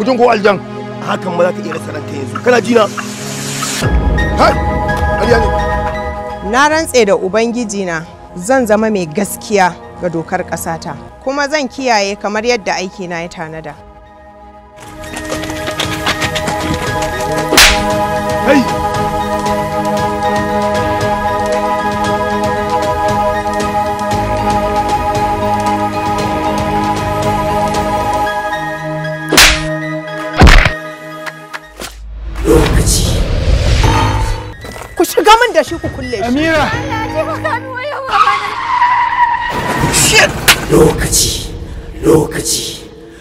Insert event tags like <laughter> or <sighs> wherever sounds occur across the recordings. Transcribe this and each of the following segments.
mutum ko aljan hakan ba za ka iya rasa ranka yanzu kana ji na har ƙarya ne na rantse da ubangiji na zan zama mai gaskiya ga dokar ƙasata kuma zan kiyaye kamar yadda aiki na ya tanada Hey! da shi ku kulle shi. Amira! Lokaci, lokaci.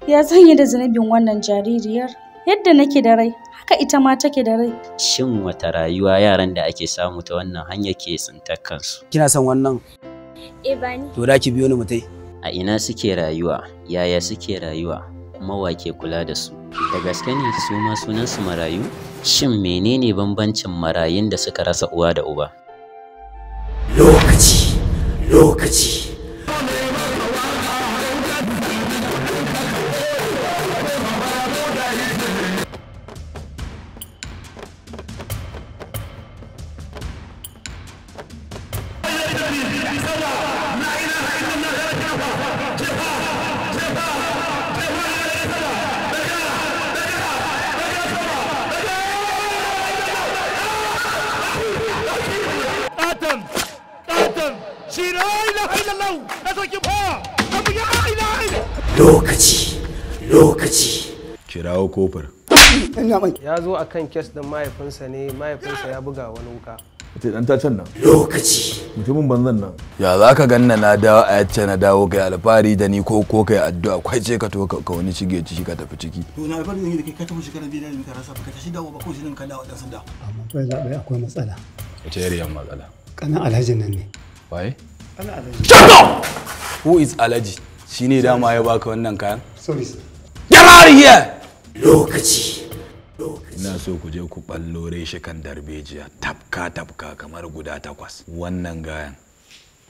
Ya zan yi da zunubin wannan jaririyar? Yadda nake da rai, haka ita ma take da rai. Shin wata rayuwa yaran da ake samu ta wannan hanya ke tsintar kansu? Kina son wannan? Eh bani. To da ki biyo ni mutai. A ina suke rayuwa? Yaya suke rayuwa? kuma ke kula da su da gaske ne su ma sunansu marayu shin menene bambancin marayun da suka rasa uwa da uba lokaci lokaci ilaha lokaci lokaci kirawo kofar ya zo kan kes din mahaifinsa ne mahaifinsa ya buga wani wuka ce dan tacen nan lokaci mutumin banzan nan ya za ka ganna na dawo a yacce na dawo kai alfahari da ni ko ko kai addu'a kwai ce ka to ka wani shige ciki ka tafi ciki to na alfahari ne da kai ka tafi shekara biyu da ni ka rasa ka tashi dawo ba ko nan ka dawo dan sanda amma to ya zabe akwai matsala wace yan matsala kana alhaji nan ne waye Shut up! Who is Alaji? Shi ne dama ya baka wannan kayan? Sorry sir. Get out of here! Lokaci. Ina so ku je ku ɓallo shi kan darbejiya tafka tafka kamar guda takwas. Wannan gayan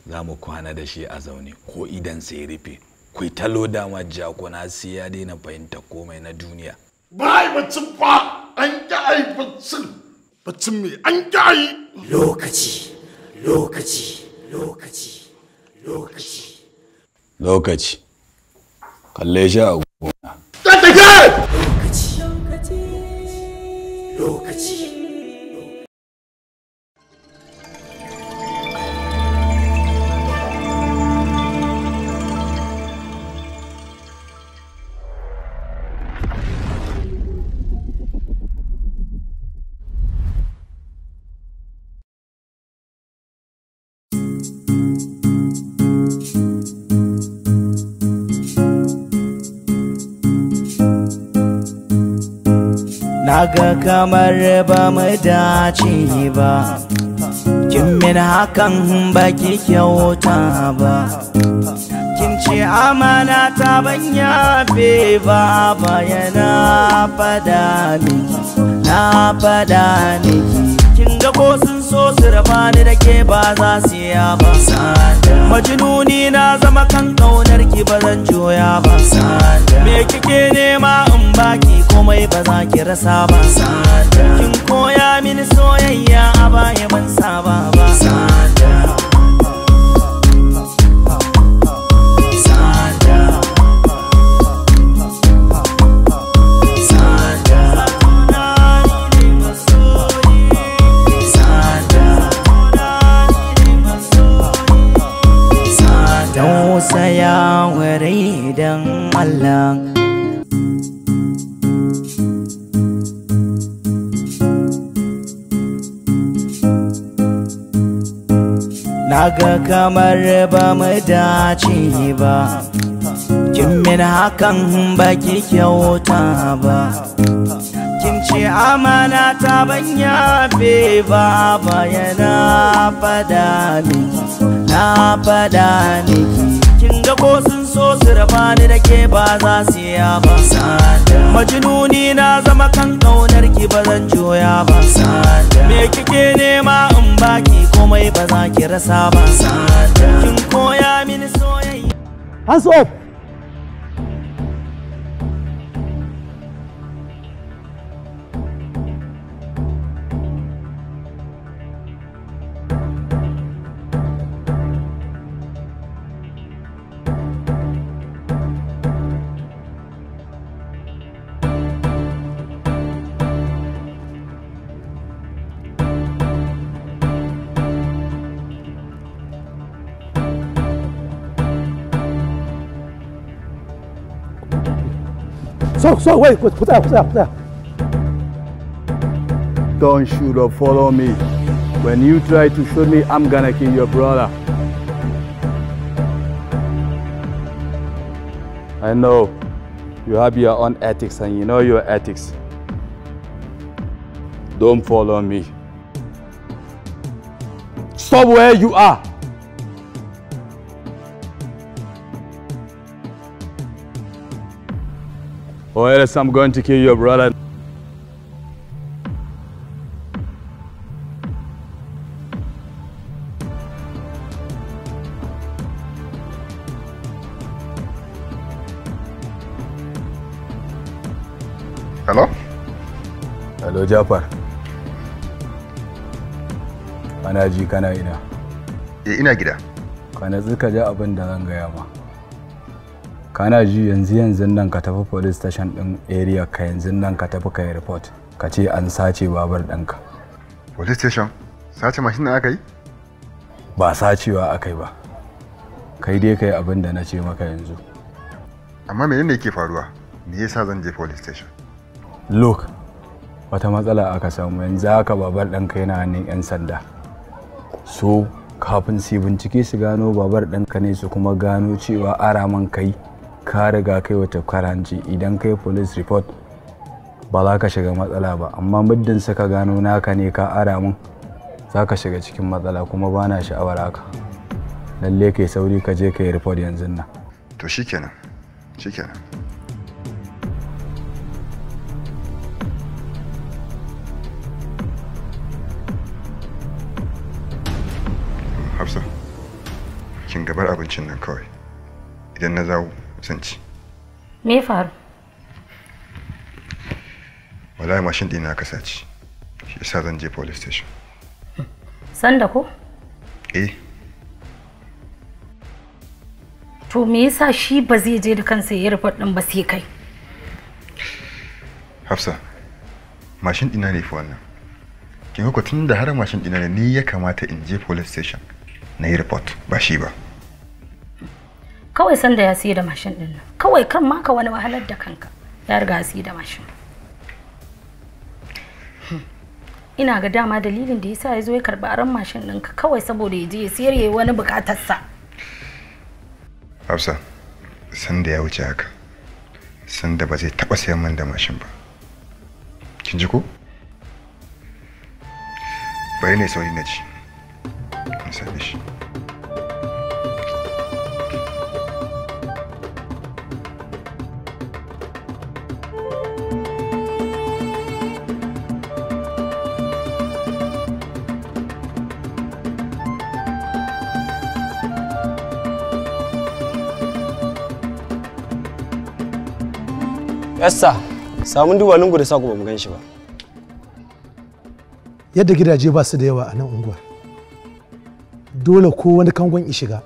za mu kwana da shi a zaune ko idan sai rufe. Ku ta loda ma jakuna sai ya daina fahimta komai na duniya. Bai bacin ba an ƙi ai bacin. Bacin me an ƙi ai. Lokaci, lokaci. lokaci lokaci lokaci kalle shi a gona lokaci lokaci lokaci naga kamar ba mu dace ba kin min hakan ki kyauta ba kin ce amana ta ban yafe ba bayana fada ni na fada ni kin ga ko sun so su raba ni da ke ba za su ya ba majinuni na zama kan kaunar ki ba zan joya ba me kike nema in baki komai ba za ki rasa ba kin koya mini soyayya a baya ban saba ba malang Naga kamar ba mu dace ba Kin min hakan ba ki kyauta ba Kin ce amana ta nya be ba bayana fada Na fada miki Kin ga ko so su raba ni da ke ba za su ya ba majinuni na zama kan kaunar ki ba zan joya ba me kike nema in ba ki komai ba za ki rasa ba kin koya mini soyayya hands so wait, wait, put out, put out, put out. Don't shoot or follow me. When you try to shoot me, I'm gonna kill your brother. I know you have your own ethics and you know your ethics. Don't follow me. Stop where you are. or else I'm going to kill your brother. Hello? Hello, Japar. Kana ji kana ina? Eh, ina gida. Kana zuka ji abin da zan gaya ma. kana ji yanzu yanzu nan ka tafi police station din area ka yanzu nan ka tafi kai report ka ce an sace babar ɗanka police station sace mashin da aka yi ba sacewa aka yi ba kai dai kai abin da na ce maka yanzu amma menene yake faruwa me yasa zan je police station look wata matsala aka samu yanzu haka babar ɗanka yana hannun 'yan sanda so kafin su bincike su gano babar ɗanka ne su kuma gano cewa araman kai ka riga kai wata karanci idan kai police report ba za ka shiga matsala ba amma muddin suka gano naka ne ka ara mun za ka shiga cikin matsala kuma ba na sha'awar haka lalle kai sauri ka je ka yi report yanzu nan to shikenan shikenan Hafsa, kin gabar abincin nan kawai. idan na zawo zanci me faru wallahi mashin na kasa ci. shi yasa zan je police station sanda ko eh to me yasa shi ba zai je da kansa ya rufe din ba sai kai hafsa mashin ɗina ne fi wannan kin ga tun da har mashin ɗina ne ni ya kamata in je police station na yi report ba shi ba kawai sanda ya siya da mashin din nan kawai kan ma ka wani wahalar da kanka ya riga ya siya da mashin hmm. ina ga dama dalilin da yasa ya zo ya karbi aron mashin ɗinka kawai saboda ya je ya sayar ya wani sa hafsa sanda ya wuce haka sanda ba zai taɓa sayan man da mashin ba kin ji ko bari ne sauri na ci in shi Esther, samun dubalungu da saku ba mu gan shi ba. Yadda gidaje ba su da yawa a nan unguwa Dole ko wani kangon i shiga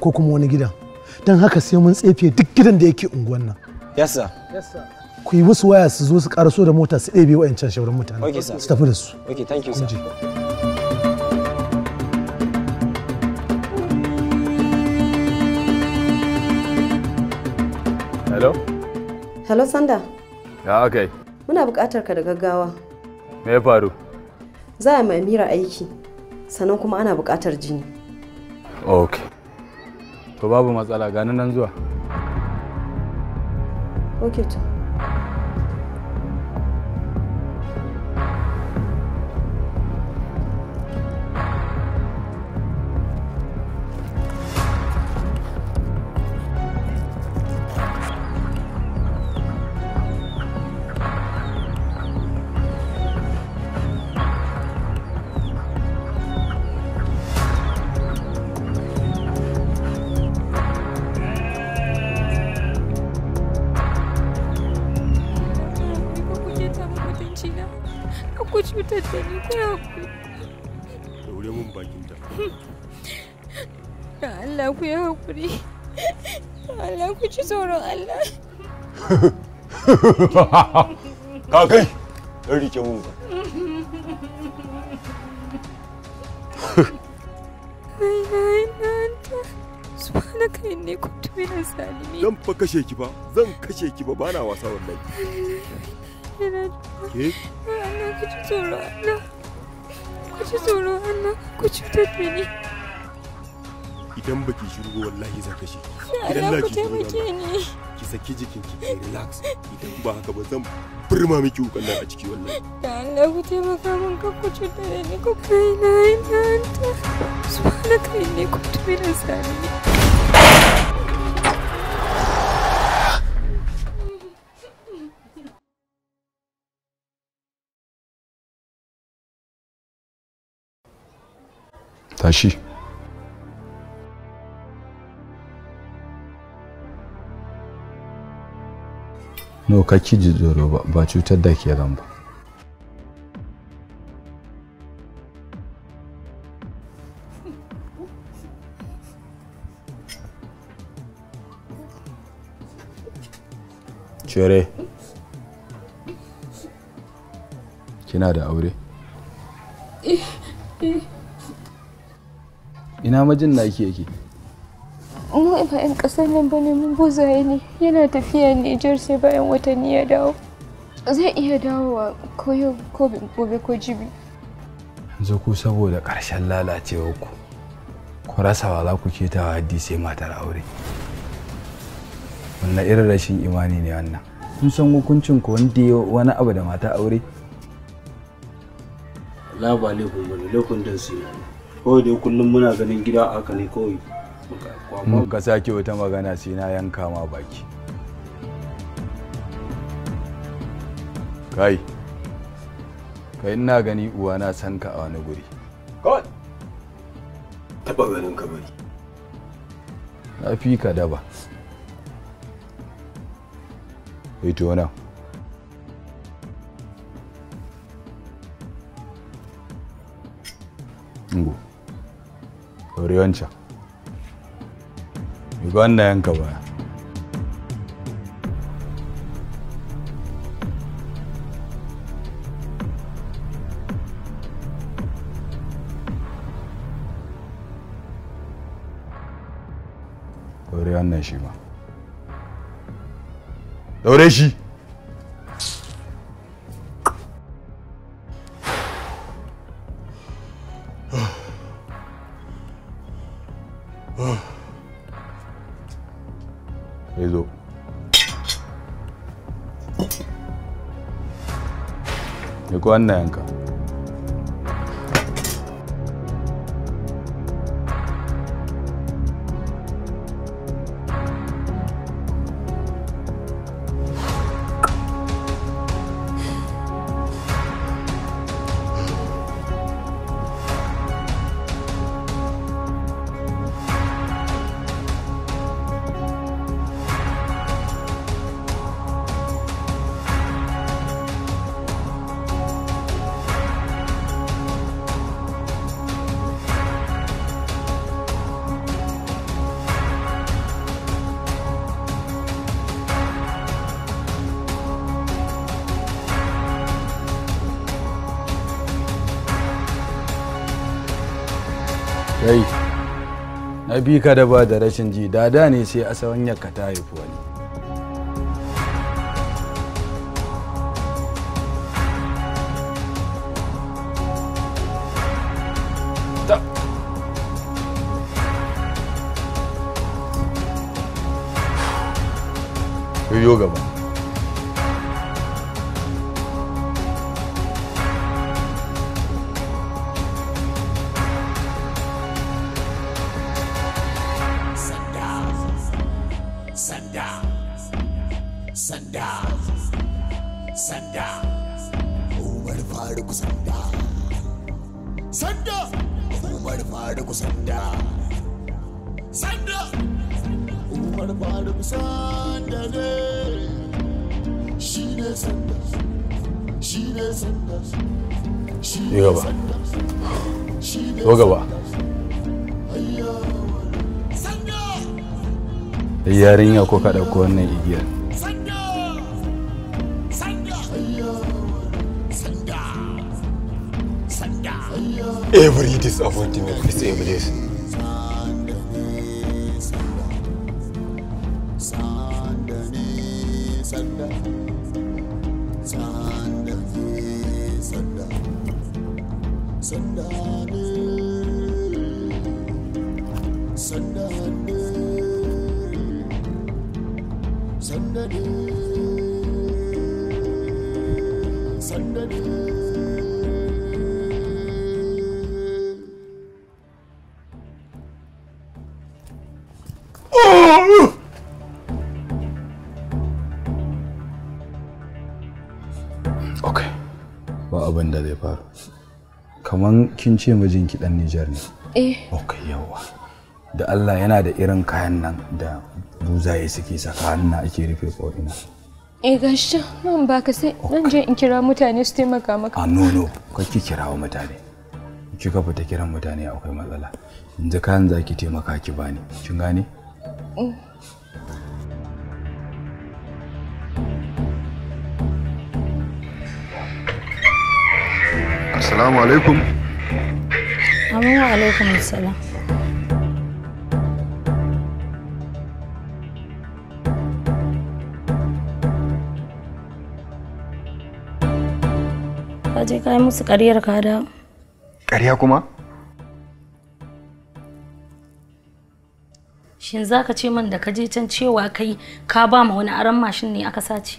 ko kuma wani gidan. Don haka sai mun tsefe duk gidan da yake unguwan nan. Yes sir. Ku yi musu waya su zo su karaso da mota su ɗebe wa'ancan shauran mutane. Okay sir. Su tafi da su. Okay thank you sir. Hello? Hello Sanda. Ya aka Muna bukatar ka da gaggawa. Me ya faru? Za a mai mira aiki, sannan kuma ana bukatar jini. Ok. To babu matsala ganin nan zuwa. Ok to. ku yi haƙuri Allah ku ci tsoron Allah <laughs> kakai ɗan rike mun ba Zan fa kashe ki ba, zan kashe ki ba bana wasa wallahi. Ke? Allah ku ci tsoro Allah. Ku ci tsoro Allah, ku idan baki shiru wallahi ka shi idan na ki shiru ki saki jikin ki relax idan ba haka ba zan burma miki wukan nan a ciki wallahi da Allah ku taimaka min ka ku cuta da ni ku kai na ina ta subhanaka inni kuntu min zalimin tashi no ci ji tsoro ba cutar da ke zan ba cire kina da aure ina majin na ake yake mu ba 'yan ƙasar nan ba ne mun buzaye ne yana tafiya Nijar sai bayan watanni ya dawo zai iya dawowa ko yau ko gobe ko jibi yanzu ku saboda ƙarshen lalacewar ku ku wa za ku keta haddi sai matar aure wannan irin rashin imani ne wannan kun san hukuncin ku wanda ya wani abu da mata aure la ba laifin ba ne laifin dan su Kawai da kullum muna ganin gida a ne kawai ka sake wata magana sai na yanka ma baki kai kai ina gani uwa na san ka a wani guri kawai taba ganin ka bari na fi ka daba ito nan ngo ɗaure wancan Ga wannan yanka baya. Daure wannan shi ma. Daure shi! Ugh. <sighs> <sighs> ya zo ya wannan yanka bi ka da ba da rashin ji da ne sai a sawanyar ka ta haifu sanda sanda umar faruk sanda sanda umar faruk sanda sanda umar faruk sanda ne sanda shi sanda shi sanda shi sanda yarinya ko ka ɗauko wannan igiyar every disappointment is evidence. kin ce ki dan Nijar ne? Eh. Ok, yawa. Da Allah yana da irin kayan nan da buzaye suke saka hannu ake rufe ko ina. Eh gashi nan ba ka sai nan je in kira mutane su taimaka maka. A ah, no no, ka ki kirawo mutane. Kika fita kiran mutane akwai matsala. Yanzu kayan za ki taimaka ki bani. Kin gane? Mm. Assalamu alaikum. Amin wa alaikum salam. Ka je ka yi musu ƙaryar ka da. Ƙarya kuma? Shin za ka ce min da ka je can cewa kai ka ba ma wani aron mashin ne aka sace?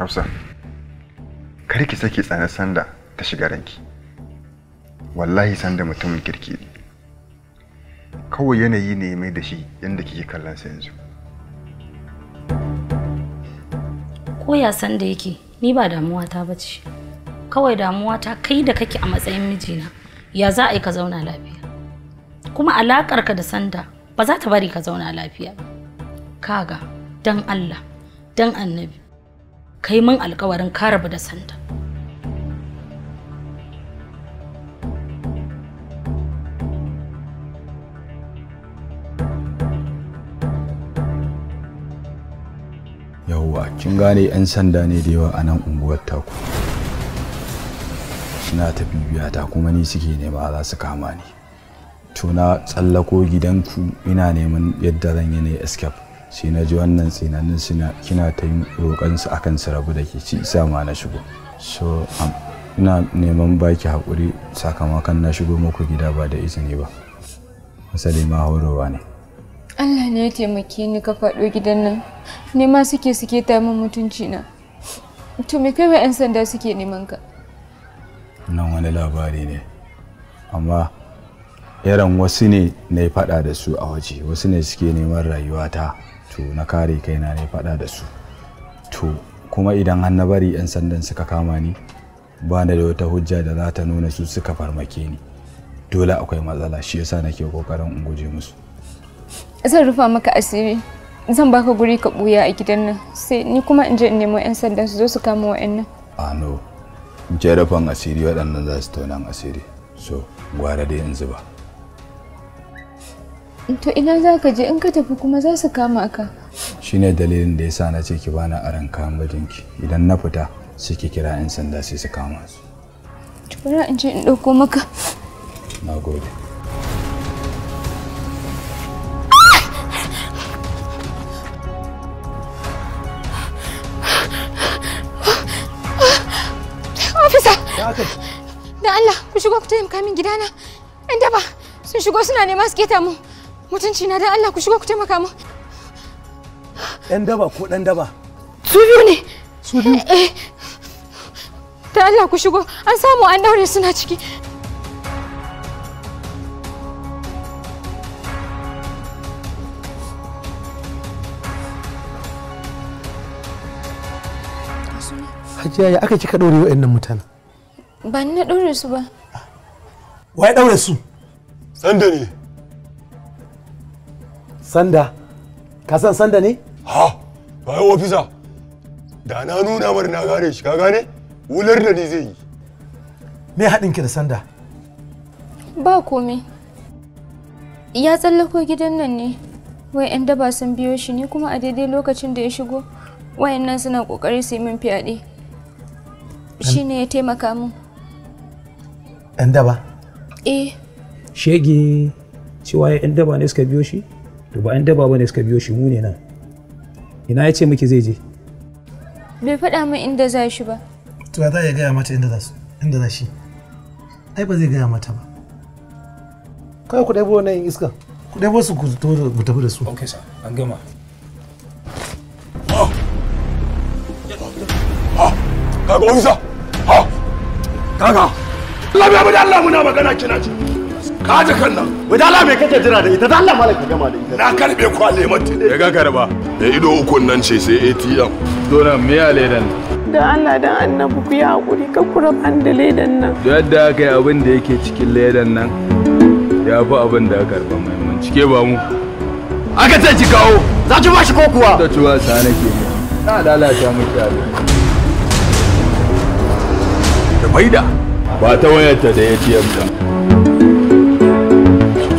Hafsa, kar ki saki tsane sanda ta shiga ranki. wallahi sanda mutumin kirki ne kawai yanayi ne mai da shi yadda kike kallon sa yanzu koya san da yake ni ba damuwa ta bace kawai damuwa ta kai da kake a matsayin mijina ya za a yi ka zauna lafiya kuma alakar ka da sanda ba za ta bari ka zauna lafiya kaga dan Allah dan annabi kai min alkawarin ka rabu da sanda ba kin gane 'yan sanda ne da yawa a nan unguwar taku suna ta bibiyata kuma ni suke nema za su kama ni to na tsallako gidanku ina neman yadda zan yi na escape sai na ji wannan tsinanin suna kina ta yi su akan su rabu da ke ci isa ma na shigo so ina neman baki haƙuri sakamakon na shigo muku gida ba da izini ba asali ma horowa ne Allah ne ya taimake ni ka faɗo gidan nan nema suke suke ta min mutunci na to me kai 'yan sanda suke neman ka nan wani labari ne amma yaran wasu ne na yi faɗa da su a waje wasu ne suke neman rayuwata to na kare kai na yi faɗa da su to kuma idan har na bari 'yan sandan suka kama ni ba da wata hujja da za ta nuna su suka farmake ni dole akwai matsala shi yasa nake kokarin in guje musu zan rufa maka asiri zan baka guri ka buya a gidan nan sai ni kuma in je in nemo yan sandan su zo su kama wa'annan a ah, no je rufan asiri waɗannan za su taunan asiri so gwara dai in zuba to ina za ka je in ka tafi kuma za su kama ka shine dalilin da yasa na ce ki bana aran kayan mijinki idan na fita suke kira 'yan sanda sai su kama su. Tura in je in ɗauko maka. Na gode. ba ku taimaka min gidana. Yan daba sun shigo suna ne su keta mu. Mutunci na dan Allah ku shigo ku taimaka mu. Yan daba ko dan daba? Su biyu ne. Su biyu? Eh. eh. Da Allah ku shigo an samu an daure suna ciki. Hajiya ya aka kika ɗore wa'annan mutanen? Ba ni na ɗore su ba. Ah. wai daure su sanda ne sanda ka san sanda ne ha bayan ofisa da na nuna mar na gane shi ka gane wular da ni zai yi me haɗin ki da sanda ba komai ya tsallako gidan nan ne wai 'yan daba sun biyo shi ne kuma a daidai lokacin da ya shigo wayan nan suna kokari su yi min fyaɗe shine ya taimaka min 'yan daba eh shege cewa ɗan daba ne suka biyo shi to ba yan daba ba ne suka biyo shi mu ne nan ina ya ce miki zai je bai faɗa min inda za shi ba to ya za ya gaya mata inda za su inda za shi ai ba zai gaya mata ba kai ku ɗaibo nan iska ku ɗaibo su ku tafi da su okay sir an gama kaga kaga Labiya mu da Allah muna magana kina ce. Ka ji kan nan. Wai da Allah me kake jira da ita da Allah malaka gama da ita. Na karbe kwale mata. Ya ga karba. Da ido uku nan ce sai ATM. Dona me ya ledan? Da Allah dan annabi ku ya hakuri ka kura ban da ledan nan. Da yadda aka yi abin da yake cikin ledan nan. Ya fi abin da aka karba muhimmanci. Ke ba mu. Aka ce ki kawo. Za ki ba shi ko kuwa? Da tuwa sa nake. Na lalata miki abin. Da maida. ba ta wayarta da ATM din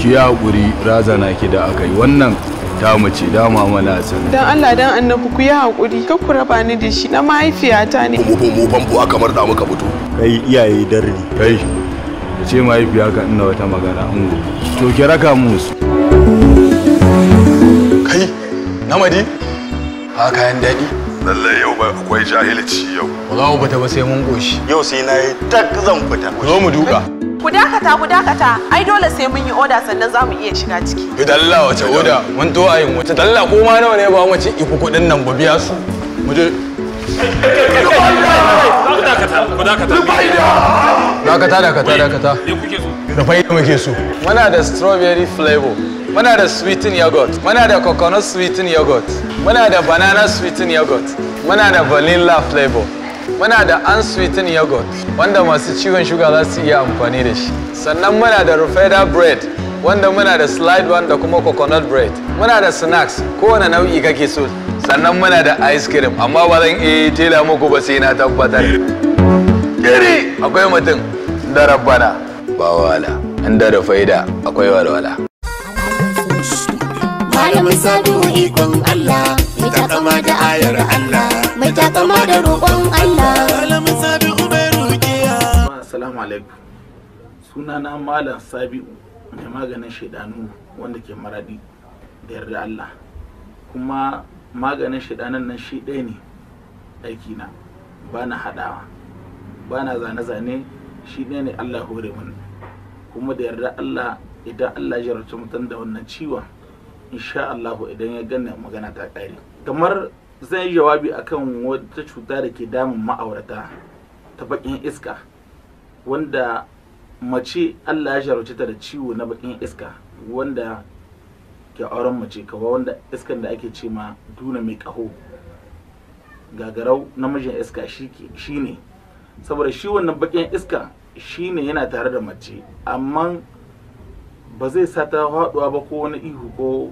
ki ya guri razana ki da aka yi wannan ta mace dama mana sani dan Allah dan annabi ku yi hakuri ka ku raba ni da shi na mahaifiyata ne mu mu buwa aka marda muka fito kai iyaye darri kai ce mahaifiya ka ina wata magana an to ki raka musu. kai namadi haka kayan daɗi lallai yau ba akwai jahilci yau ba za mu fita ba sai mun goshi yau sai na yi tak zan fita zo mu duka ku dakata ku dakata ai dole sai mun yi oda sannan za mu iya shiga ciki idan Allah wace oda mun to ayin wace dalla ko ma nawa ne ba mu ci iku kudin nan ba biya su mu je dakata dakata dakata da faida muke so muna da strawberry flavor muna da sweeten yogurt muna da coconut sweeten yogurt muna da banana sweeten yogurt muna da vanilla flavor muna da unsweeten yogurt wanda masu ciwon shuga za su iya amfani da shi sannan muna da rufeda bread wanda muna da slide one da kuma coconut bread muna da snacks kowane nau'i kake so sannan muna da ice cream amma ba zan iya tela muku ba sai na tabbatar kiri akwai mutum da rabbana ba wala inda da faida akwai walwala Umar mai sadu ikon Allah mai takama da ayar Allah mai takama da roƙon Allah Malamin Sabi'u mai rukiya Assalamu alaikum sunana Malam Sabi'u mai maganin shaidanu wanda ke maradi da yarda Allah kuma maganin shaidanan nan shi ɗaya ne aiki na ba na haɗawa ba na zane-zane shi ɗaya ne Allah hore mun kuma da yarda Allah idan Allah ya jarrace mutum da wannan ciwon insha Allah idan ya gane magana ta ƙare kamar zan yi jawabi akan wata cuta da ke damun ma'aurata ta bakin iska wanda mace Allah ya jarauce ta da ciwo na bakin iska wanda ke auren mace kawai wanda iskan da ake ce ma duna mai ƙaho gagarau namijin iska shi ne saboda shi wannan bakin iska shi ne yana tare da mace amma ba zai sa ta haɗuwa ba ko wani ihu ko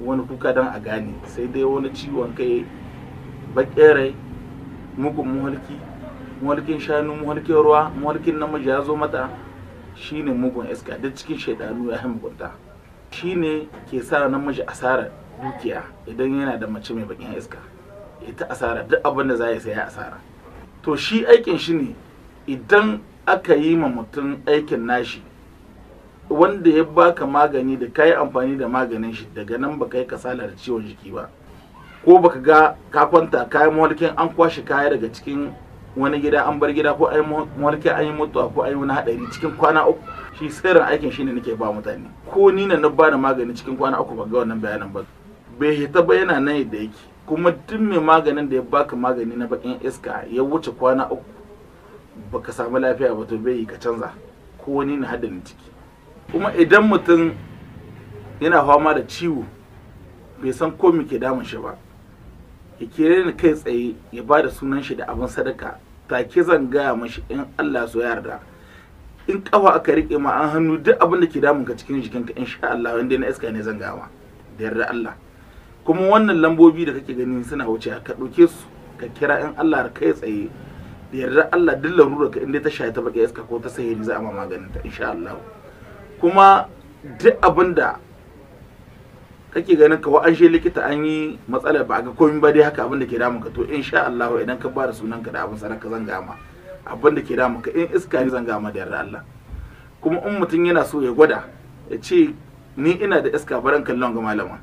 wani kuka don a gane sai dai wani ciwon kai baƙerai mugun muhalki muhalkin shanu muhalkin ruwa muhalkin namiji ya zo mata shine mugun iska duk cikin shaidanu ya Shi shine ke sa namiji asarar dukiya idan yana da mace mai bakin iska ita asara duk abin da za ya sai asara to shi aikin shi ne idan aka yi ma mutum aikin nashi wanda ya baka magani da kayi amfani da maganin shi daga nan baka yi kasala da ciwon jiki ba ko baka ga ka kwanta kayan mawalkin an kwashe kaya daga cikin wani gida an bar gida ko ayi mawalkin an yi mutuwa ko ayi wani hadari cikin kwana uku shi sirrin aikin shine nake ba mutane ko ni na ba da magani cikin kwana uku ba ga wannan bayanan ba bai hita ba yana nan da yake kuma duk mai maganin da ya baka magani na bakin iska ya wuce kwana uku baka samu lafiya ba to bai yi ka canza ko wani na haddanin ciki kuma idan mutum yana fama da ciwo bai san ko me ke damun shi ba ya kere ni kai tsaye ya ba da sunan shi da abin sadaka take zan gaya mashi in Allah so yarda in kafa aka rike ma an hannu duk abin da ke damun ka cikin jikinka sha Allah wanda na iska ne zan gawa da yarda Allah kuma wannan lambobi da kake gani suna wuce ka ɗauke su ka kira in Allah kai tsaye da yarda Allah duk larurar ka inda ta shaye ta baka iska ko ta sahiri za a ma maganin ta insha Allah kuma duk abinda kake ganin ka an shi likita an yi matsala ba ga komai ba dai haka abin da ke damun ka to insha Allah idan ka bada sunan ka da abin ka zan gama abin da ke damun ka in iska ne zan gama da yarda Allah kuma in mutum yana so ya gwada ya ce ni ina da iska baran kallon ga malama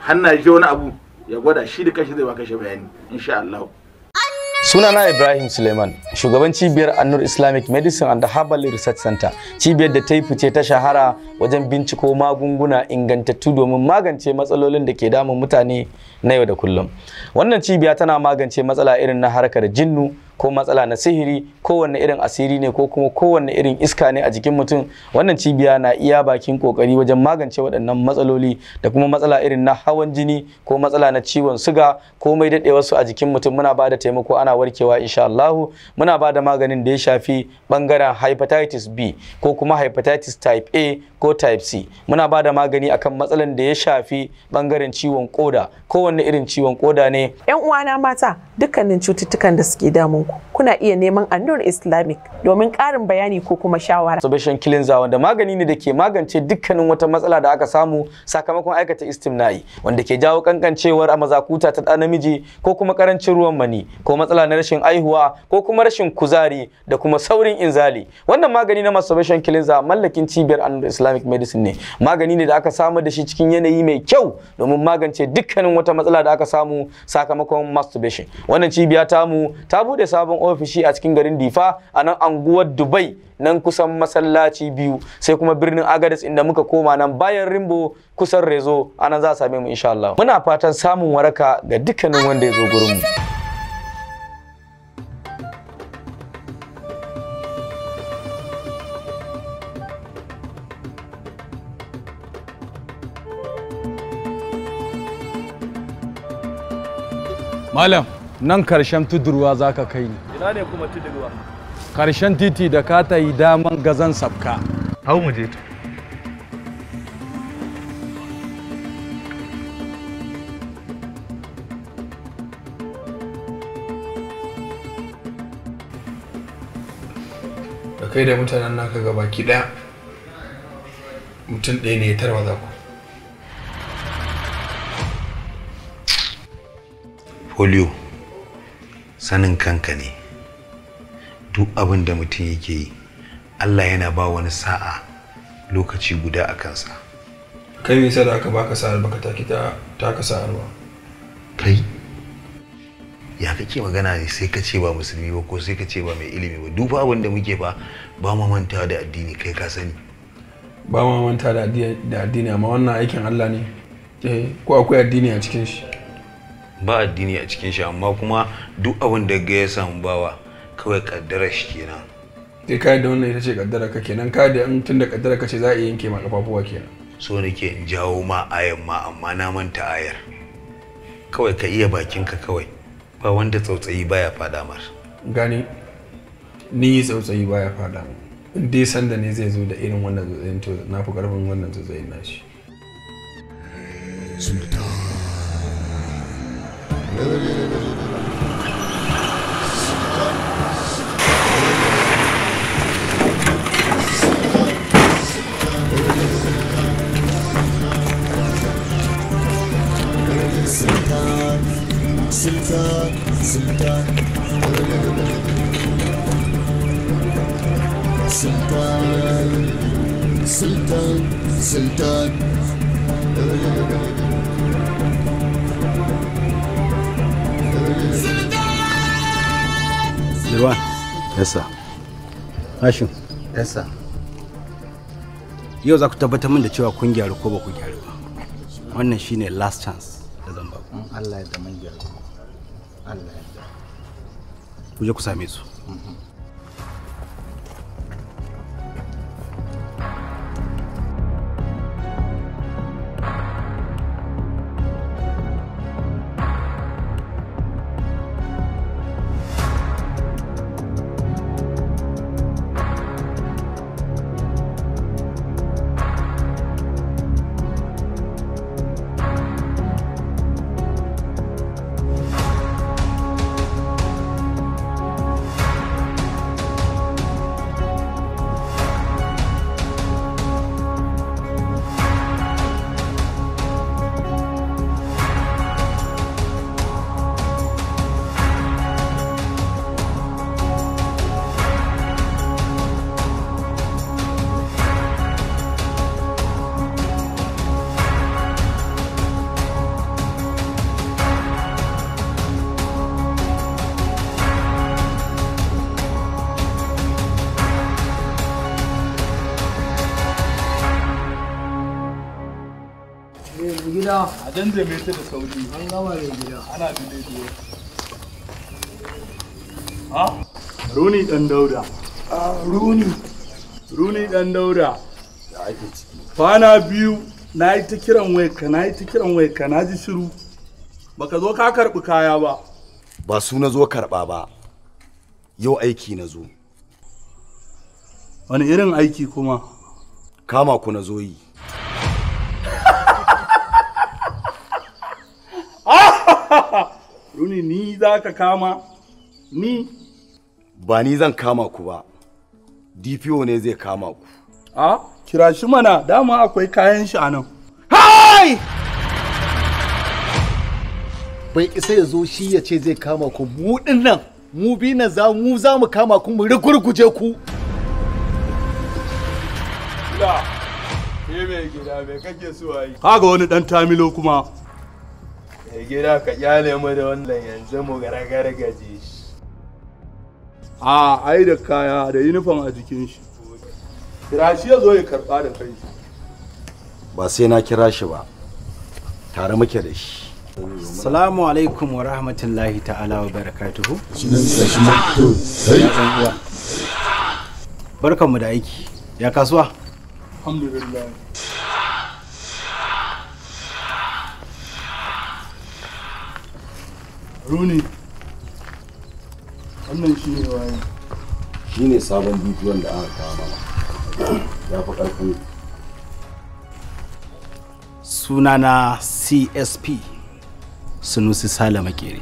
hanna ji wani abu ya gwada shi da kashi zai baka shi bayani insha Allah Sunana Ibrahim Suleiman, shugaban cibiyar Annur Islamic Medicine and Herbal Research Center, cibiyar da ta yi fice ta shahara wajen binciko magunguna ingantattu domin magance matsalolin da ke damun mutane na yau da kullum. Wannan cibiya tana magance matsala irin na harkar jinnu ko matsala na sihiri kowanne irin asiri ne ko kuma kowanne irin iska ne a jikin mutum wannan cibiya na iya bakin kokari wajen magance waɗannan matsaloli da kuma matsala irin na hawan jini ko matsala na ciwon suga ko mai daɗewar su a jikin mutum muna ba da taimako ana warkewa insha Allahu muna ba da maganin da ya shafi bangaren hepatitis B ko kuma hepatitis type A ko type C muna ba da magani akan matsalan da ya shafi bangaren ciwon koda kowanne irin ciwon koda ne yan uwana mata dukkanin cututtukan da suke damun kuna iya neman annur Nurul Islamic domin ƙarin bayani ko kuma shawara. Subeshan Kilinza wanda magani ne da ke magance dukkanin wata matsala da aka samu sakamakon aikata istimna'i wanda ke jawo kankancewar a mazakuta ta ɗan namiji ko kuma ƙarancin ruwan mani ko matsala na rashin aihuwa ko kuma rashin kuzari da kuma saurin inzali. Wannan magani na masturbation Kilinza mallakin cibiyar Anur Islamic Medicine ne. Magani ne da aka samar da shi cikin yanayi mai kyau domin magance dukkanin wata matsala da aka samu sakamakon masturbation. Wannan cibiya tamu ta bude sabon ofishi a cikin garin khalifa a nan anguwar dubai nan kusan masallaci biyu sai kuma birnin agadis inda muka koma nan bayan rimbo kusan rezo a nan za a same mu insha Allah muna fatan samun waraka ga dukkanin wanda ya zo gurin mu Malam, nan karshen tudurwa za ka kai ni ina ne kuma tudurwa karshen titi da ka ta yi daman gazan sabka hau mu je da kai da mutanen naka ga baki ɗaya mutum ɗaya ne ya tarwa za ku polio sanin kanka ne duk abin da mutum yake yi allah yana ba wani sa'a lokaci guda a kansa kai me da aka baka sa'ar baka taki ta taka sa'ar ba kai ya kake magana ne sai ka ce ba musulmi ba ko sai ka ce ba mai ilimi ba duk abin da muke ba ba mu manta da addini kai ka sani ba mu manta da addini amma wannan aikin allah ne eh, ko akwai addini a cikin shi ba addini a cikin shi amma kuma duk abin da ga ya samu bawa kawai kaddara shi kenan sai kai da wannan ita ce kaddara ka kenan ka da tun da kaddara ka ce za a iya yanke ma kafafuwa kenan so nake in jawo ma ayan ma amma na manta ayar kawai ka iya bakinka kawai ba wanda tsautsayi baya fada mar gani ni tsautsayi baya fada in dai sanda ne zai zo da irin wannan tsautsayin to na fi karfin wannan tsautsayin nashi Sultan Sultan, Sultan, Sultan, Sultan, Sultan. Sirwan. Yes sir. Hashim. Yes sir. Yau za ku tabbatar min da cewa kun gyaru ko ba ku gyaru ba. Wannan shine last chance da zan ba ku. Allah ya da mun gyaru. Allah ya da. Ku je ku same su. Mhm. dandame da sauri ana runi dan dauda a runi runi dauda da ake kwana biyu na yi ta kiran na ji shiru baka zo ka karbi kaya ba ba su na zo karba ba yau aiki na zo wani irin aiki kuma kama ku na zo yi ne ni za ka kama ni ba ni zan kama ku ba dpo ne zai kama ku a kira shi mana dama akwai kayan shi a nan hai bai isa ya zo shi ya ce zai kama ku mu nan mu bi na za mu za mu kama ku mu rigurguje ku Kaga wani ɗan tamilo kuma da gida ka kyale mu da wannan yanzu mu gaje shi a ai da kaya da uniform a jikin shi kira shi ya zo ya karba da kai ba sai na kira shi ba tare muke da shi salamu alaikum wa rahmatullahi ta'ala wa barakatuhu barkanmu da aiki ya kasuwa alhamdulillah Rooney wannan shi ne waye. Shi ne sabon bidiyon da aka kawo mana. Ya fi ƙarfin. Sunana CSP Sunusi Salama Kere.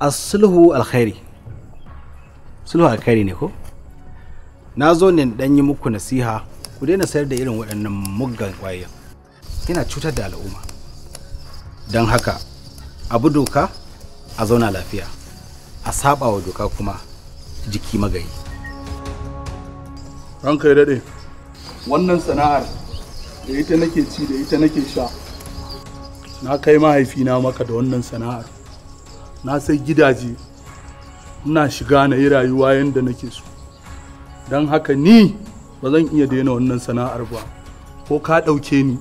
Asulhu alkhairi. Sulhu alkhairi ne ko? Na zo ne dan yi muku nasiha ku daina sayar da irin waɗannan muggan kwayoyin. Yana cutar da al'umma. don haka abu doka a zauna lafiya a saba wa doka kuma jiki magayi ranka ya daɗe wannan sana'ar da ita nake ci da ita nake sha na kai mahaifina maka da wannan sana'ar na sai gidaje ina shiga na yi rayuwa yadda nake so don haka ni ba zan iya daina wannan sana'ar ba ko ka ɗauke ni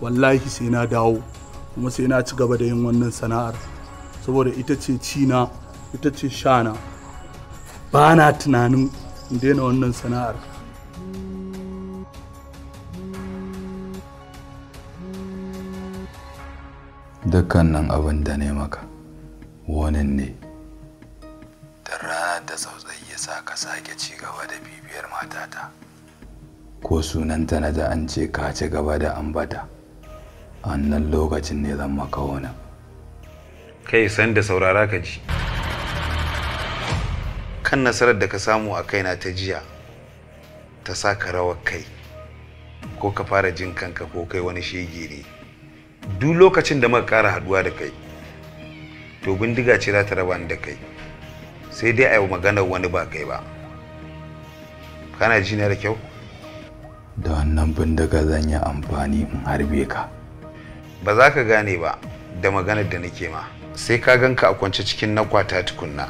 wallahi sai na dawo kuma sai na ci gaba da yin wannan sana'ar saboda ita ce cina ita ce shana ba na tunanin in daina wannan sana'ar nan abin da ne maka wani ne da rana da tsautsayi ya sa ka sake ci gaba da bibiyar matata ko sunanta na da an ce ka ci gaba da ambata wannan lokacin ne zan maka wani kai san da saurara ka ji kan nasarar da ka samu a kaina ta jiya ta sa ka rawar kai ko ka fara jin kanka ko kai wani shege ne duk lokacin da muka ƙara haduwa da kai to bindiga ce za ta raba ni da kai sai dai a yi maganar wani ba kai ba kana ji na da kyau da wannan bindiga zan yi amfani in harbe ka ba za ka gane ba da maganar da nake ma sai ka ka a kwance cikin na kwata tukunna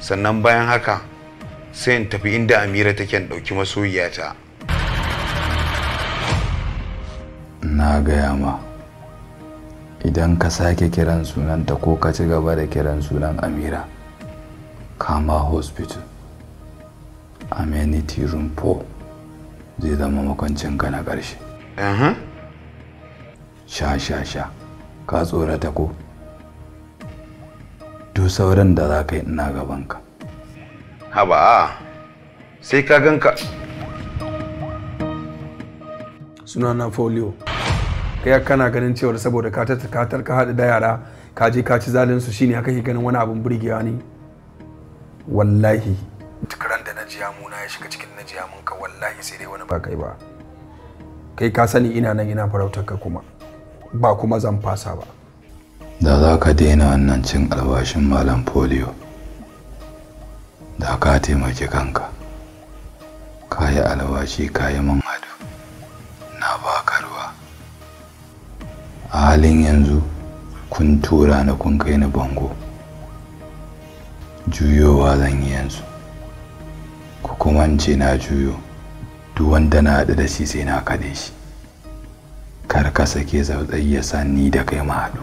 sannan bayan haka sai in tafi inda amira take ɗauki masoyiyata na gaya ma idan ka sake kiran sunanta ko ka ci gaba da kiran sunan amira kama hospital amenity room 4 zai zama makwancinka na ƙarshe. Uh sha sha sha ka tsorata ko duk sauran da za ka yi ina gabanka haba sai ka ganka na folio kai kana ganin cewar saboda ka tattakatar ka haɗu da yara ka je ka ci zalinsu shine haka ke ganin wani abin burgewa ne wallahi tukaran da najiya muna ya shiga cikin najiya mun ka wallahi sai dai wani ba kai ba kai ka sani ina nan ina farautar ka kuma ba kuma zan fasa ba da za ka daina wannan cin albashin malam polio da ka taimaki kanka ka yi albashi ka yi man ado na baka ruwa a halin yanzu kun tura na kun kai ni bango juyowa zan yi yanzu ku kuma na juyo duk wanda na haɗu da shi sai na kade shi kar ka sake zautsayi ya sa ni da kai mahadu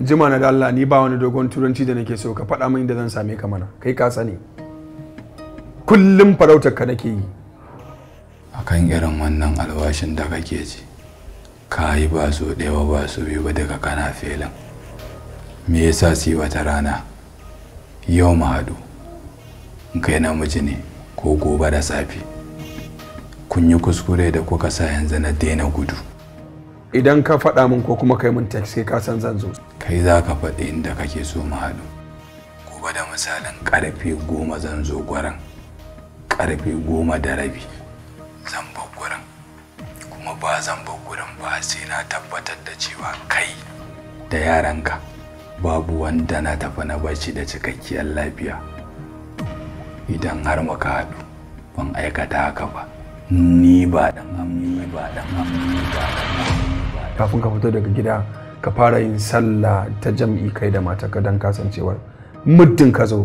jima na da Allah ni ba wani dogon turanci da nake so ka faɗa min da zan same ka mana kai ka sani kullum farautar ka nake yi akan irin wannan alwashin da kake ji ka yi ba so ɗaya ba so biyu ba daga kana felin me yasa sai wata rana yau mahadu kai namiji ne ko gobe da safe kun yi kuskure da kuka sa yanzu na daina gudu idan ka faɗa min ko kuma kai min taxi kai ka san zan zo kai za ka faɗi inda kake so mu haɗu gobe da misalin ƙarfe goma zan zo gwaran ƙarfe goma da rabi zan bar gurin kuma ba zan bar gurin ba sai na tabbatar da cewa kai da yaranka babu wanda na tafi na bashi da cikakkiyar lafiya idan har muka haɗu ban aikata haka ba ni ba dan amni ba dan amni ba dan amni kafin ka fito daga gida ka fara yin sallah ta jam'i kai da matarka don kasancewar muddin ka zo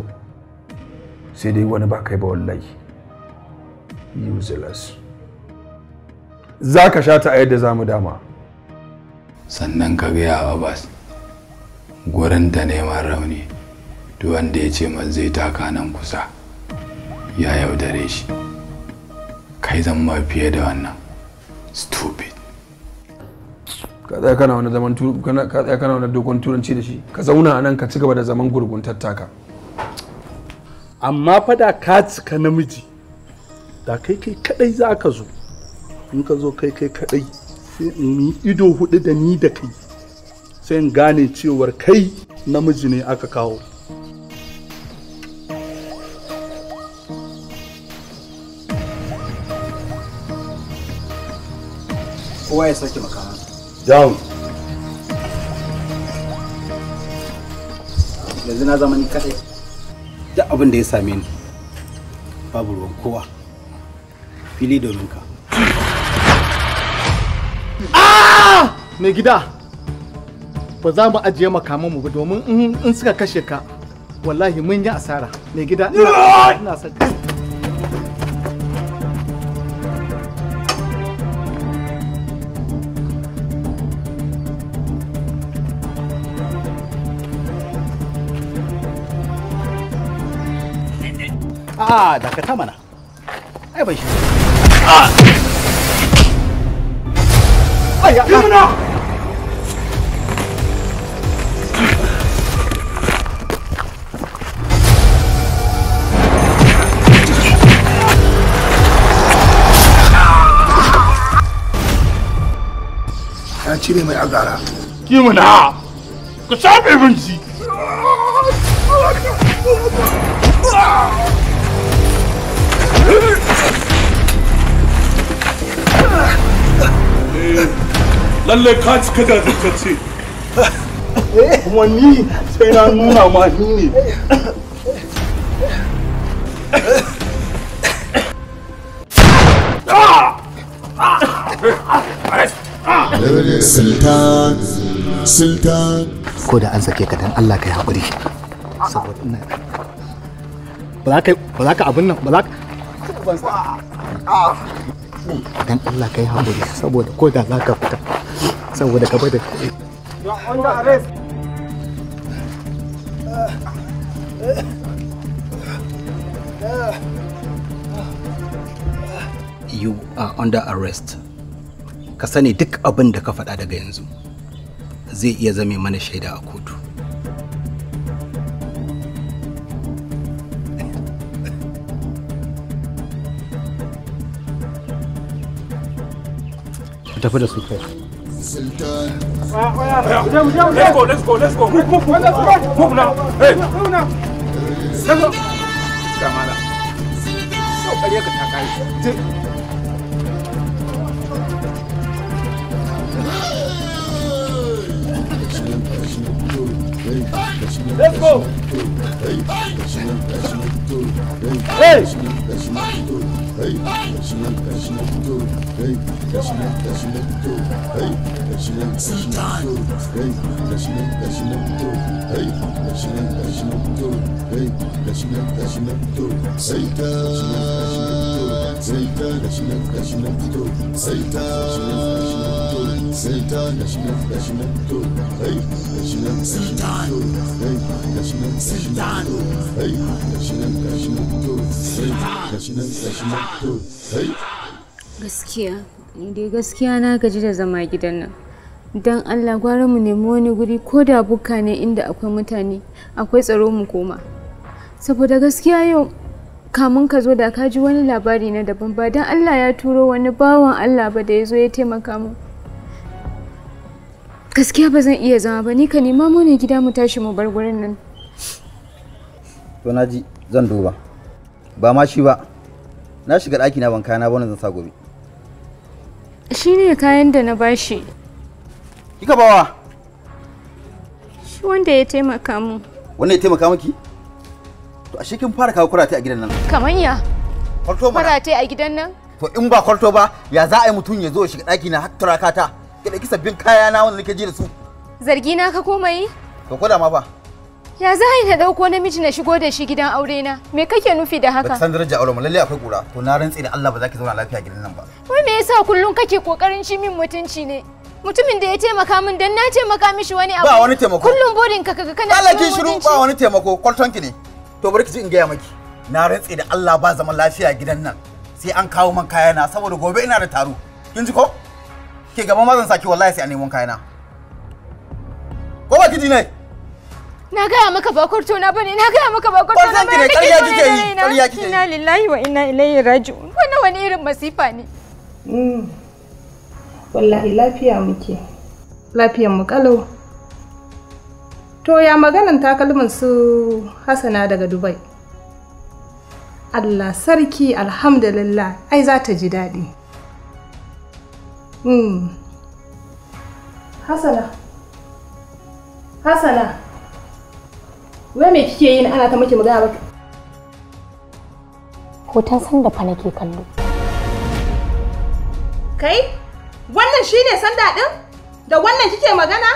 sai dai wani ba kai ba wallahi useless za ka sha ta a yadda za mu dama sannan ka gaya abbas gurin da neman rauni duk wanda ya ce man zai taka nan kusa ya yaudare shi kai zama fiye da wannan stupid ka tsaya kana wani zaman ka tsaya kana wani dogon turanci da shi ka zauna a nan ka ci gaba da zaman gurguntar tattaka. amma fada ka cika namiji da kai kai kadai za ka zo in ka zo kai kai kadai sai in yi ido hudu da ni da kai sai in gane cewar kai namiji ne aka kawo kowa ya sake makama down yanzu na zama ni duk abin da ya same ni babu ruwan kowa fili domin ka ah! mai gida ba za mu ajiye makaman mu ba domin in suka kashe ka wallahi mun yi asara mai gida ina son a'a dakata mana ai ban shi ya cire mai agara. Ki Ku shafe binci! lallai ka cika jajirtacce kuma ni sai na nuna ma ni ne Sultan, Sultan. Ko da an sake ka dan Allah kai haƙuri. Saboda ina ba za ka abin nan ba za ka dan Allah kai haƙuri saboda ko da za ka fita saboda ka bada you are under arrest ka sani duk abin da ka faɗa daga yanzu zai iya zame mana shaida a kotu ku tafi da su kai Sultan. Let's go, let's go, let's go. Move, move, move, move, now. Hey. Move now. Let's go. Kamala. Yau ƙarya ka taka yi. Let's go. Hey. Hey. hey, taşınak taşınak dur, hey, taşınak taşınak dur, hey, taşınak taşınak dur, hey, taşınak taşınak dur, hey, taşınak taşınak dur, hey, taşınak taşınak dur, hey, taşınak taşınak dur, hey, taşınak taşınak dur, hey, taşınak taşınak dur, Sultan National National Tour. Hey, National Sultan. Hey, National Sultan. Hey, National National Tour. Hey, National National Tour. Hey. Gaskiya, ni dai gaskiya na gaji da zama gidan nan. Don Allah gwara mu nemi wani guri ko da buka ne inda akwai mutane akwai tsaro mu koma. Saboda gaskiya yau kamun ka zo da ka ji wani labari na daban ba don Allah ya turo wani bawan Allah ba da ya zo ya taimaka mu. gaskiya ba zan iya zama ba ni ka nema mu ne gida mu tashi mu bar gurin nan to naji zan duba ba ma shi ba na shiga ɗaki na ban na ba zan sa gobe shi ne kayan da na bashi kika bawa shi wanda ya taimaka mu wanda ya taimaka miki to ashe kin fara kawo kurate a gidan nan kaman ya kwarto kurate a gidan nan to in ba kwarto ba ya za a yi mutum ya zo shiga ɗaki na har turakata ki sabbin kaya na wanda nake ji da su zargi na ka koma yi to ko da ma fa ya za na ɗauko namiji na shigo da shi gidan aure na me kake nufi da haka san daraja aure mu lalle akwai kura to na rantsi da Allah ba za ki zauna lafiya gidan nan ba wai me yasa kullun kake kokarin shi min mutunci ne mutumin da ya taimaka min dan na taimaka mishi wani abu ba wani taimako kullun burin ka kaga kana Allah ki shiru ba wani taimako kwalton ki ne to bari ki ji in gaya maki na rantsi da Allah ba zaman lafiya gidan nan sai an kawo man na saboda gobe ina da taro kin ji ko ke gaba ma zan saki wallahi sai a neman kayana ko ba kiji ne na gaya maka ba kurto na bane na gaya maka ba kurto na bane kariya kike yi kariya kike inna lillahi wa inna ilaihi raji'un wanne wani irin masifa ne mm. wallahi lafiya muke lafiyan mu kalau to ya maganan takalmin su hasana daga dubai Allah sarki alhamdulillah ai za ta ji daɗi Hmm. Hassana, Hasana. Hasana. Wai me kike yin ana ta miki magana ba? Hoton sanda fa nake kallo. Kai? Wannan shine sanda din? Da wannan kike magana?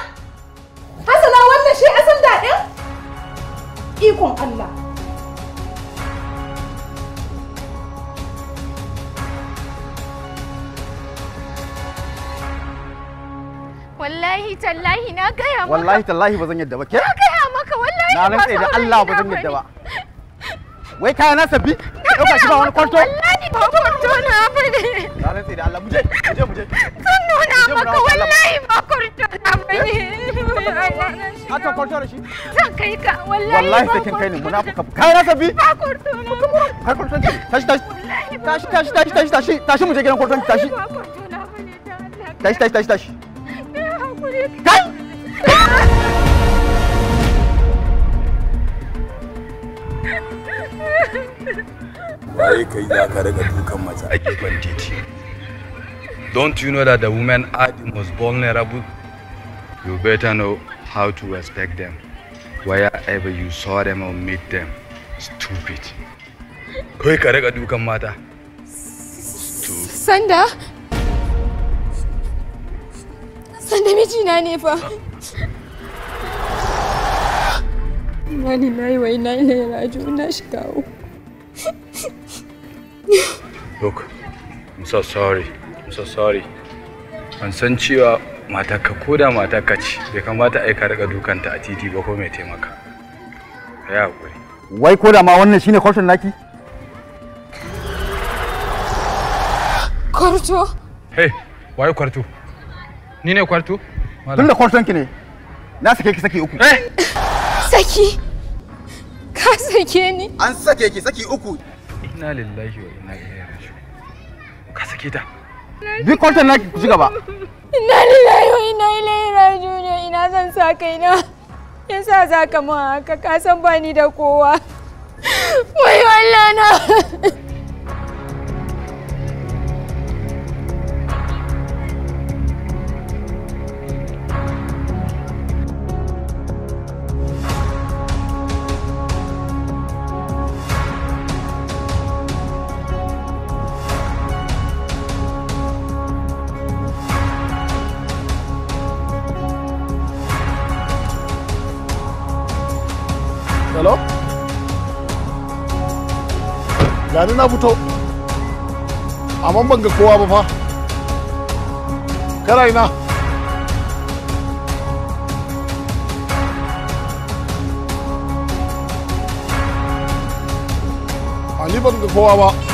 Hasana wannan shi a da din? Ikon Allah. wallahi tallahi na gaya maka wallahi tallahi ba zan yadda ba ke na gaya maka wallahi na rantsa da Allah ba zan yadda ba wai kaya na sabbi ka dauka shi ba wani kwarto wallahi ba kwarto na bane na rantsa da Allah muje muje muje sun nuna maka wallahi ba kwarto na bane haka kwarto da shi zan kai ka wallahi wallahi sai kin kai ni munafika kaya na sabbi ba kwarto na kai kwarto tashi tashi tashi tashi tashi tashi tashi muje gidan kwarton tashi tashi tashi tashi tashi dukan Don't you know that the women are the most vulnerable? You better know how to respect them wherever you saw them or meet them. Stupid. Kai ka daga dukan mata. Sanda? san da mijina ne fa na ni na yi waina ya yi na raju na shiga look i'm so sorry i'm so sorry ban san cewa matarka ko da matarka ce bai kamata a yi ka riga dukanta a titi ba ko mai taimaka ka hakuri wai ko da ma wannan shine kwashin naki kwarto hey wai kwarto Ni ne kwarto? Tun da ki ne. Na sake ki saki uku. Eh! Saki? Ka sake ni? An sake ki saki uku. Inna lillahi wa inna ilaihi raji'un. Ka sake ta. Bi kwarton na ki gaba. Inna lillahi wa inna ilaihi raji'un. Ina zan sa na Yasa za ka mu haka ka san ba ni da kowa. Wai Allah na. yanzu na fito amma ban ga kowa ba fa kana ina ali ban ga kowa ba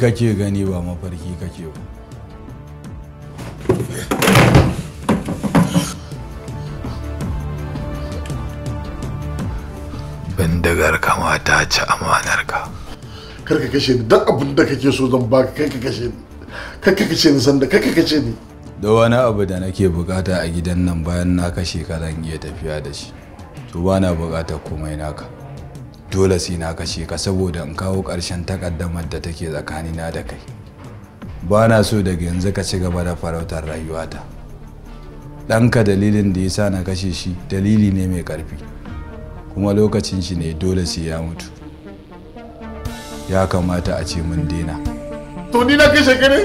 kake gani ba mafarki kake ba bindigar kama ta ci amanarka ka kashe ni duk abin da kake so zan baka ka kashe ni kar ka kashe ni sanda ka kashe ni da wani abu da nake bukata a gidan nan bayan na kashe ka zan iya tafiya da shi to bana bukatar komai naka dole sai na kashe ka saboda in kawo ƙarshen takaddamar da take tsakanina da kai ba na so daga yanzu ka ci gaba da farautar rayuwata ɗanka dalilin da ya sa na kashe shi dalili ne mai ƙarfi kuma lokacin shi ne dole sai ya mutu ya kamata a ce mun daina to ni na kashe ka ne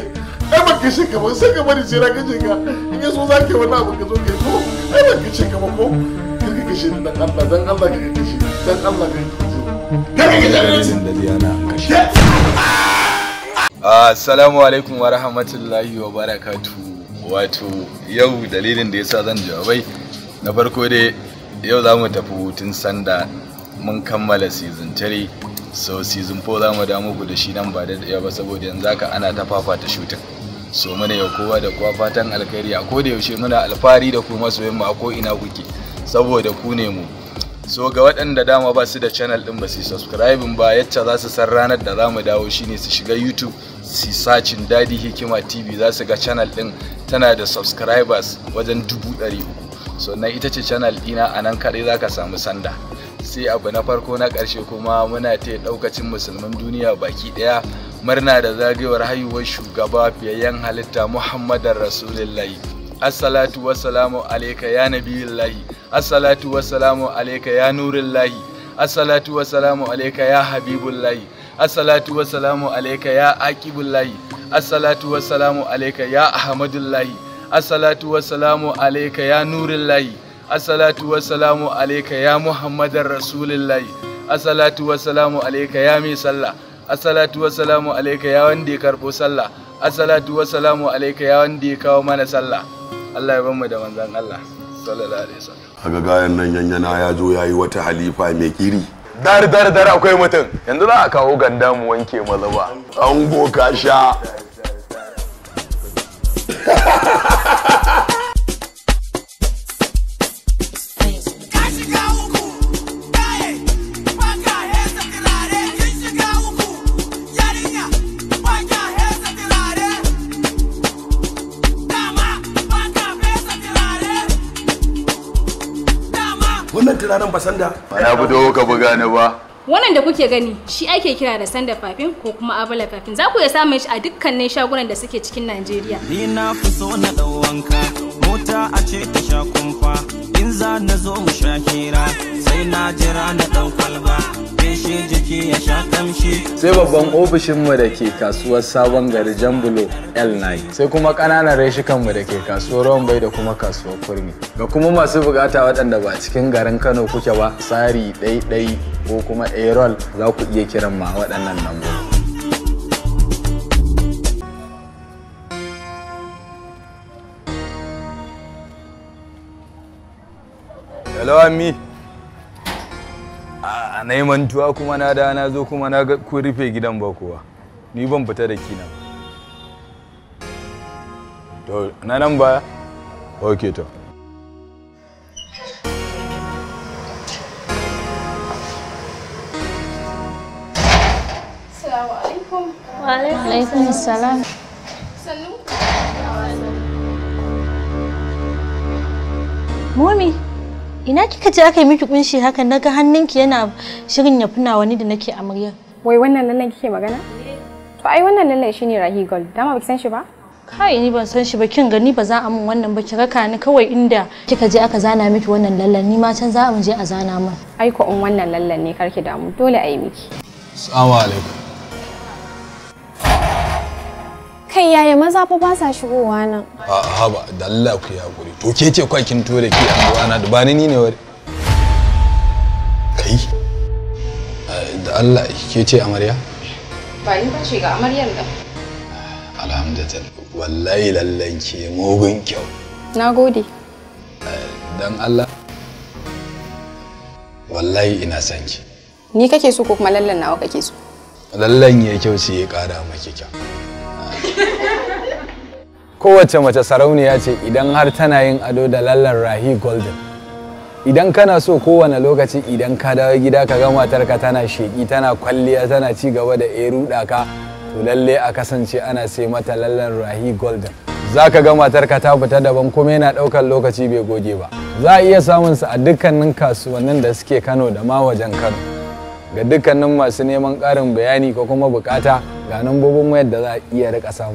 ai ba kashe ka ba sai ka bari sai na kashe ka in ya so za ka wani abu ka zo ka yi ko ai ba kashe ka ba ko ka kashe ni dan Allah dan Allah ka kashe dan Allah ka kashe Assalamu alaikum wa rahmatullahi wa barakatu wato yau dalilin da yasa zan jawabai na farko dai yau za mu tafi hutun sanda mun kammala season 3 so season 4 za mu da muku da shi nan ba da ya ba saboda yanzu haka ana ta fafata shooting so muna yau kowa da kowa fatan alkhairi a koda yaushe muna alfahari da kuma masoyin mu a ko ina kuke saboda ku ne mu so ga waɗanda dama ba su da channel ɗin ba su subscribe ba yacce za su san ranar da za mu dawo shine su shiga youtube su sacin dadi hikima tv za su ga channel ɗin tana da subscribers wajen dubu ɗari uku so na ita ce channel ɗina a nan kaɗai za ka samu sanda sai abu na farko na ƙarshe kuma muna ta ɗaukacin musulman duniya baki ɗaya murna da zagayowar haihuwar shugaba fiyayyen halitta muhammadar rasulullahi assalatu wassalamu alaika ya nabiyullahi assalatu wassalamu alayka ya nurin lahi assalatu wassalamu alayka ya habibul lahi assalatu wassalamu alayka ya aqibul lahi assalatu wassalamu alayka ya ahmadul lahi assalatu wassalamu alayka ya nurin lahi assalatu wassalamu alayka ya muhammadar lahi assalatu wassalamu alayka ya mai sallah assalatu wassalamu alayka ya wanda ya karbo sallah assalatu wassalamu alayka ya wanda ya kawo mana sallah Allah ya bamu da manzon Allah a ga gayan nan yanyana ya zo ya yi wata halifa mai kiri dar dar dar akwai mutum yanzu za a kawo ganda mu wanke maza ba an goka sha <laughs> nan basanda. Ba na fito ka buga ni ba. wannan da kuke gani shi ake kira da sanda fafin ko kuma abala fafin za ku iya samun shi a dukkanin shagunan da suke cikin najeriya ni na fi so na dau wanka mota a ce ta sha kumfa in za na zo mu sha hira sai na jira na dau kwalba shi jiki ya sha kamshi sai babban ofishin mu da ke kasuwar sabon gari jambulo l9 sai kuma ƙananan reshikan mu da ke kasuwar rombai da kuma kasuwar kurmi ga kuma masu bukata waɗanda ba cikin garin kano kuke ba tsari ɗaiɗai ko kuma erol za ku iya kiran ma waɗannan lambu hello ammi a na yi mantuwa kuma na da na zo kuma na ku rufe gidan ba kowa ni ban fita da kina to na nan ba ok to Assalamu ina kika je aka yi miki kunshi haka naga hannunki yana shirin ya funa wani da nake amarya. Wai wannan lallai kike magana? To ai wannan lallai shine Rahi Gold. Dama baki san shi ba? Kai ni ban san shi ba kin gani ba za a min wannan ba ki raka ni kawai inda kika je aka zana miki wannan lallan ni ma can za a mu je a zana min. Ai ko in wannan lallan ne karki damu dole a yi miki. Assalamu alaikum. Kai yaya maza fa ba sa shigowa nan. A haba da Allah ku yi hakuri. To ke ce kwa kin tore ki a na da bani ni ne wari. Kai? Eh, da Allah ke ce amarya? Ba ni ba ce ga amaryar da. Alhamdulillah. Wallahi lallan ke mugun kyau. Na gode. Eh, dan Allah. Wallahi ina son ki. Ni kake so ko kuma lallan nawa kake so? Lallan ya kyau sai ya kara maki kyau. Kowace mace sarauniya ce idan har tana yin ado da lallar rahi golden. Idan kana so kowane lokaci idan ka dawo gida ka ga matarka tana sheƙi tana kwalliya tana ci gaba da eruɗa eh ka to lalle a kasance ana sai mata lallar rahi golden. Za ka ga matarka ta fita daban kuma yana ɗaukar lokaci bai goge ba. Za a iya samunsa a dukkanin kasuwannin da suke Kano da ma wajen Kano. ga dukkanin masu neman ƙarin bayani ko kuma bukata ga nambobin mayar da za a iya rika samu